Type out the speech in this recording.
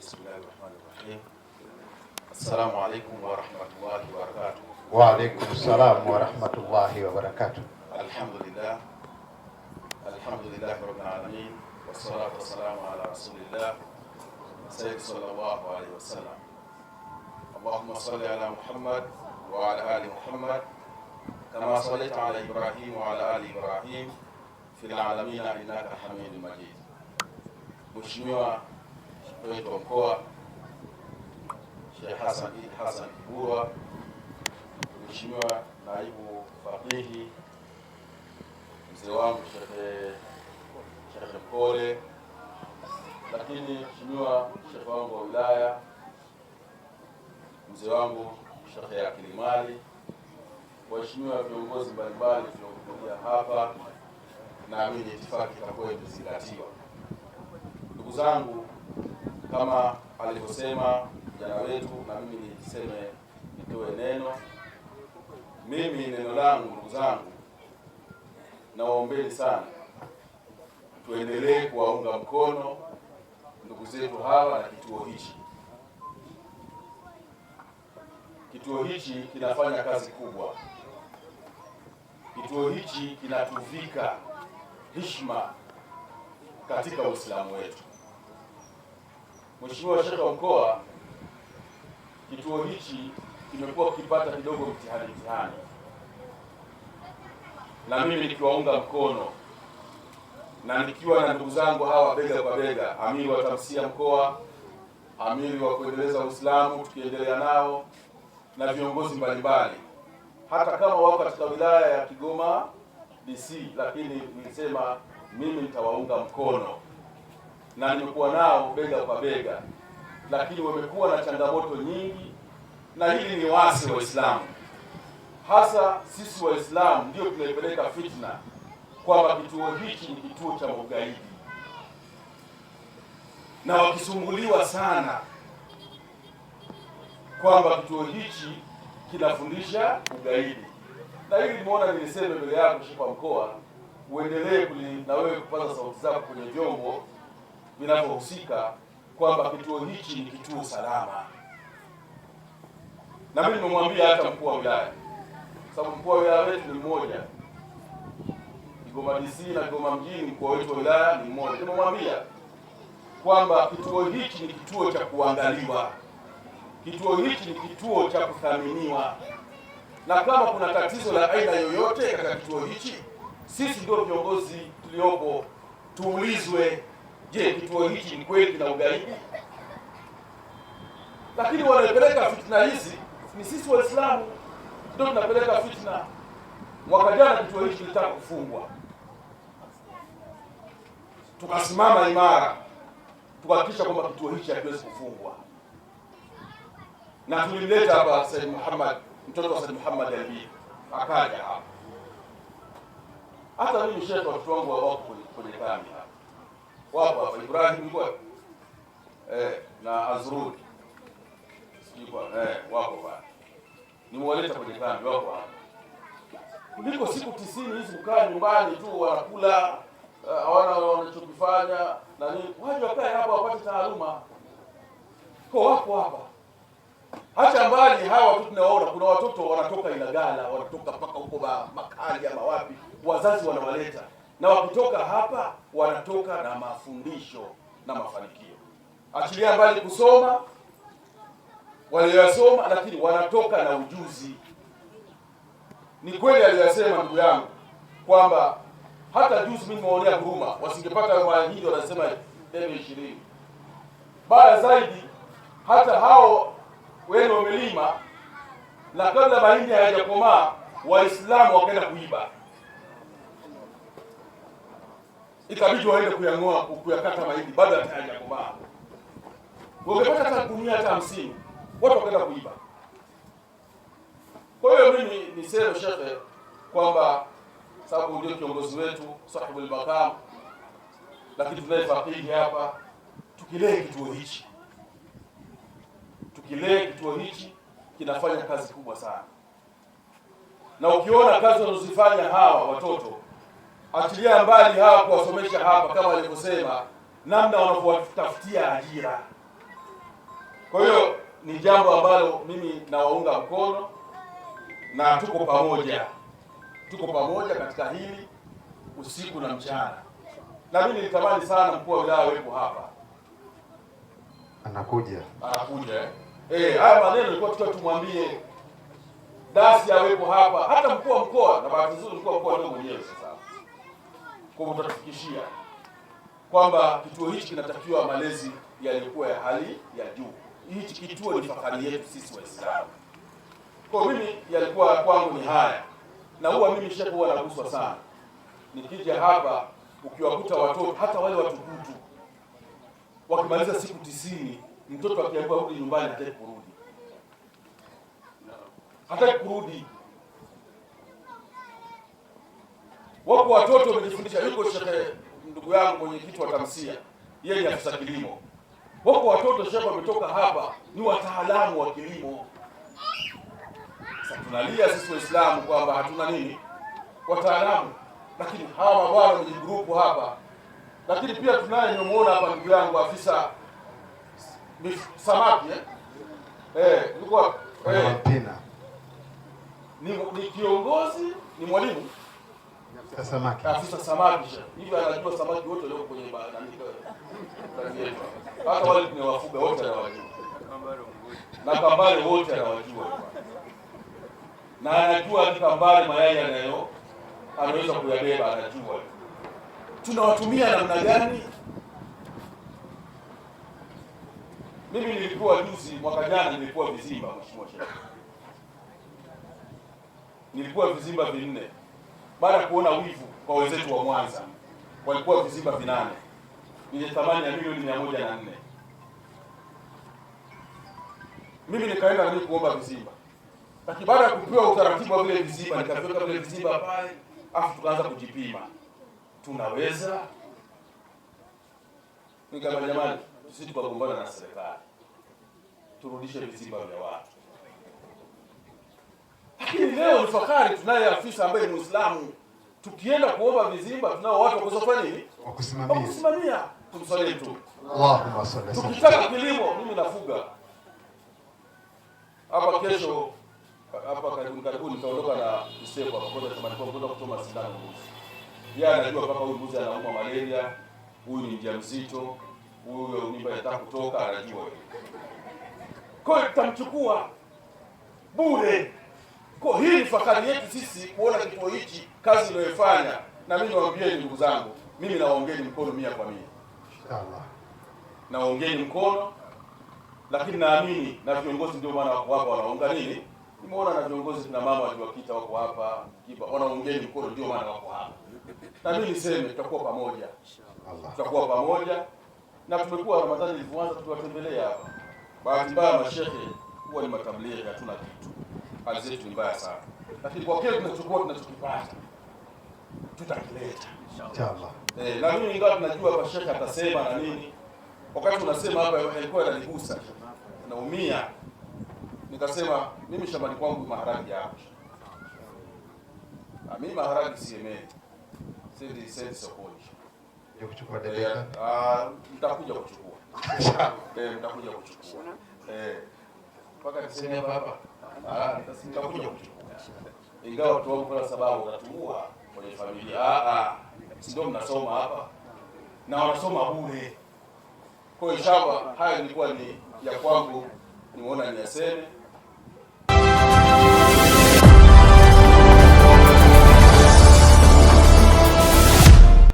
بسم الله الرحمن الرحيم السلام عليكم ورحمة الله وبركاته وعليكم السلام ورحمة الله وبركاته الحمد لله الحمد لله رب العالمين والصلاة والسلام على رسول الله سيد صلى الله عليه وسلم اللهم صل على محمد وعلى آل محمد كما صليت على إبراهيم وعلى آل إبراهيم في العالمين إنك حميد مجيد مشمع wetu wa mkoa Sheikh Hassan Idi Hassan Kibura, Mheshimiwa naibu fakihi mzee wangu Sheikh Mpole, lakini Mheshimiwa Sheikh wangu wa wilaya mzee wangu Sheikh ya Kilimali, waheshimiwa viongozi mbalimbali tuliokuja hapa, naamini itifaki itakuwa imezingatiwa. Ndugu zangu kama alivyosema vijana wetu, na mimi niseme nitoe neno. Mimi neno langu, ndugu zangu, nawaombeni sana, tuendelee kuwaunga mkono ndugu zetu hawa na kituo hichi. Kituo hichi kinafanya kazi kubwa. Kituo hichi kinatuvika heshima katika Uislamu wetu. Mheshimiwa Sheikh wa Mkoa, kituo hichi kimekuwa kipata kidogo mtihani mtihani, na mimi nikiwaunga mkono na nikiwa na ndugu zangu hawa bega kwa bega, amiri wa tamsia mkoa, amiri wa kuendeleza Uislamu, tukiendelea nao na viongozi mbalimbali, hata kama wako katika wilaya ya Kigoma DC, lakini nilisema mimi nitawaunga mkono na nimekuwa nao bega kwa bega, lakini wamekuwa na changamoto nyingi, na hili ni waasi Waislamu, hasa sisi Waislamu ndio tunaipeleka fitna kwamba kituo hichi ni kituo cha ugaidi, na wakisumbuliwa sana kwamba kituo hichi kinafundisha ugaidi. Na hili nimeona niliseme mbele yako, Sheikh Mkoa, uendelee na wewe kupaza sauti zako kwenye vyombo vinavyohusika kwamba kituo hichi ni kituo salama, na mimi nimemwambia hata mkuu wa wilaya, sababu mkuu wa wilaya wetu ni mmoja Kigoma DC na Kigoma mjini, mkuu wetu wa wilaya ni mmoja. Nimemwambia kwamba kituo hichi ni kituo cha kuangaliwa, kituo hichi ni kituo cha kuthaminiwa, na kama kuna tatizo la aina yoyote katika kituo hichi, sisi ndio viongozi tuliopo tuulizwe. Je, kituo hichi ni kweli kina ugaidi? Lakini wanapeleka fitna hizi ni sisi Waislamu ndio tunapeleka fitna. Mwaka jana kituo hichi kilitaka kufungwa, tukasimama imara, tukahakikisha kwamba kituo hichi hakiwezi kufungwa, na tulimleta hapa Said Muhammad, mtoto wa Said Muhammad Ali akaja hapa. Hata mimi shekhe, watoto wangu wako kwenye kambi hapa wapo hapa Ibrahim yuko Eh, na Azrul sijui eh, wapo hapa, nimewaleta kwenye kambi, wapo hapa kuliko siku tisini hizi kukaa nyumbani tu wanakula eh, hawana uh, wanachokifanya na nini. Waje wakae hapa wapate taaluma, ko wapo hapa hata mbali. Hawa tu tunawaona, kuna watoto wanatoka Ilagala wanatoka mpaka huko Makali ama wapi, wazazi wanawaleta na wakitoka hapa wanatoka na mafundisho na mafanikio. Achilia mbali kusoma walioyasoma, lakini wanatoka na ujuzi. Ni kweli aliyoyasema ndugu yangu kwamba hata juzi mimi nimeonea huruma, wasingepata mahindi wanasema debe ishirini. Baya zaidi hata hao wene wamelima na kabla mahindi hayajakomaa Waislamu wakaenda kuiba ikabidi waende kuyang'oa kuyakata mahindi bado hayajakomaa. Ungepata hata gunia hata hamsini, watu wakaenda kuiba. Kwa hiyo mimi niseme shekhe kwamba sababu ndio kiongozi wetu sahibul makam, lakini tunaye fakihi hapa, tukilee kituo hichi, tukilee kituo hichi kinafanya kazi kubwa sana, na ukiona kazi wanazozifanya hawa watoto achilia mbali hawa kuwasomesha hapa kama alivyosema namna wanavyowatafutia ajira. Kwa hiyo ni jambo ambalo mimi nawaunga mkono na tuko pamoja, tuko pamoja katika hili usiku na mchana. Na mimi nilitamani sana mkuu wa wilaya wepo hapa, anakuja anakuja, eh eh, haya maneno ilikuwa tukiwa tumwambie dasi awepo hapa, hata mkuu wa mkoa. Na bahati nzuri mkuu wa mkoa ndio mwenyewe sasa kwa utatufikishia kwamba kituo hichi kinatakiwa malezi yaliyokuwa ya hali ya juu. Hichi kituo ni fahari yetu sisi Waislamu. Kwa mimi yalikuwa kwangu ni haya, na huwa mimi nishakuwa naguswa sana nikija hapa, ukiwakuta watoto hata wale watukutu wakimaliza siku tisini, mtoto akiambiwa rudi nyumbani hataki kurudi, hataki kurudi. Wako watoto wamejifundisha, yuko shehe ndugu yangu mwenyekiti wa Tamsia, yeye ni afisa kilimo. Wako watoto shehe wametoka hapa, ni wataalamu wa kilimo. Sasa tunalia sisi Waislamu kwamba hatuna nini wataalamu, lakini hawa mabwana grupu hapa. Lakini pia tunaye, nimemwona hapa ndugu yangu afisa samaki eh? Eh, eh, ni, ni kiongozi ni mwalimu samaki afisa ah, samaki, hivyo anajua samaki wote leo kwenye bahari hata wale tunawafuga wote anawajua, na kambale wote anawajua, na anajua kambale mayai anayo anaweza kuyabeba, anajua tunawatumia namna gani. Mimi nilikuwa juzi, mwaka jana nilikuwa vizimba, mheshimiwa, nilikuwa vizimba vinne baada ya kuona wivu kwa wenzetu wa Mwanza walikuwa vizimba vinane vyenye thamani ya milioni mia moja na nne. Mimi nikaenda nami kuomba vizimba, lakini baada ya kupewa utaratibu wa vile vizimba nikaviweka vile vizimba pale, afu tukaanza kujipima tunaweza. Nikasema jamani, sisi tukagombana na serikali, turudishe vizimba vya watu leo tafakari, tunaye afisa ambaye ni Muislamu. Tukienda kuomba vizimba, tunao watu wa kufanya nini? Wakusimamia, wakusimamia, Tumsalie tu. Allahumma salli. Tukitaka kilimo, mimi nafuga hapa. Kesho hapa karibu karibu nitaondoka na mseko hapa kwenda shambani kwa kwenda kuchoma sindano mbuzi. Yeye anajua kama huyu mbuzi anaumwa malaria, huyu ni mjamzito, huyo mimba inataka kutoka, anajua. Kwa hiyo tutamchukua bure. Kwa hii ni fahari yetu sisi kuona kituo hichi kazi inayofanya, na mimi niwaambie ndugu zangu, mimi nawaongeni mkono mia kwa mia, nawaongeni mkono, lakini naamini na viongozi ndio maana wako hapa wanaunga nini. Nimeona na viongozi na mama wakiwakita wako hapa Kiba, wanaongeni mkono, ndio maana wako hapa. Na mimi niseme tutakuwa pamoja, tutakuwa pamoja na tumekuwa Ramadhani ilivyoanza tukiwatembelea hapa. Bahati mbaya mashehe huwa ni matablighi, hatuna kitu kazi yetu ni mbaya sana, lakini kwa kile tunachukua tunachokipata tutakileta inshallah. Eh, na mimi ingawa tunajua kwa shekhe atasema na nini, wakati unasema hapa ilikuwa inanigusa, naumia, nikasema mimi shambani kwangu maharagi hapo, na mimi maharagi siemei, siendi siendi sokoni ya kuchukua debe. Eh, ah, mtakuja kuchukua eh, mtakuja kuchukua eh, mpaka niseme hapa hapa sasa nitakuja kuchukua, ingawa watu wangu kwa sababu wanatumua kwenye familia. Ah, ah, si ndio mnasoma hapa na wanasoma bure. Kwa hiyo inshallah, haya nilikuwa ni ya kwangu, nimeona niyaseme.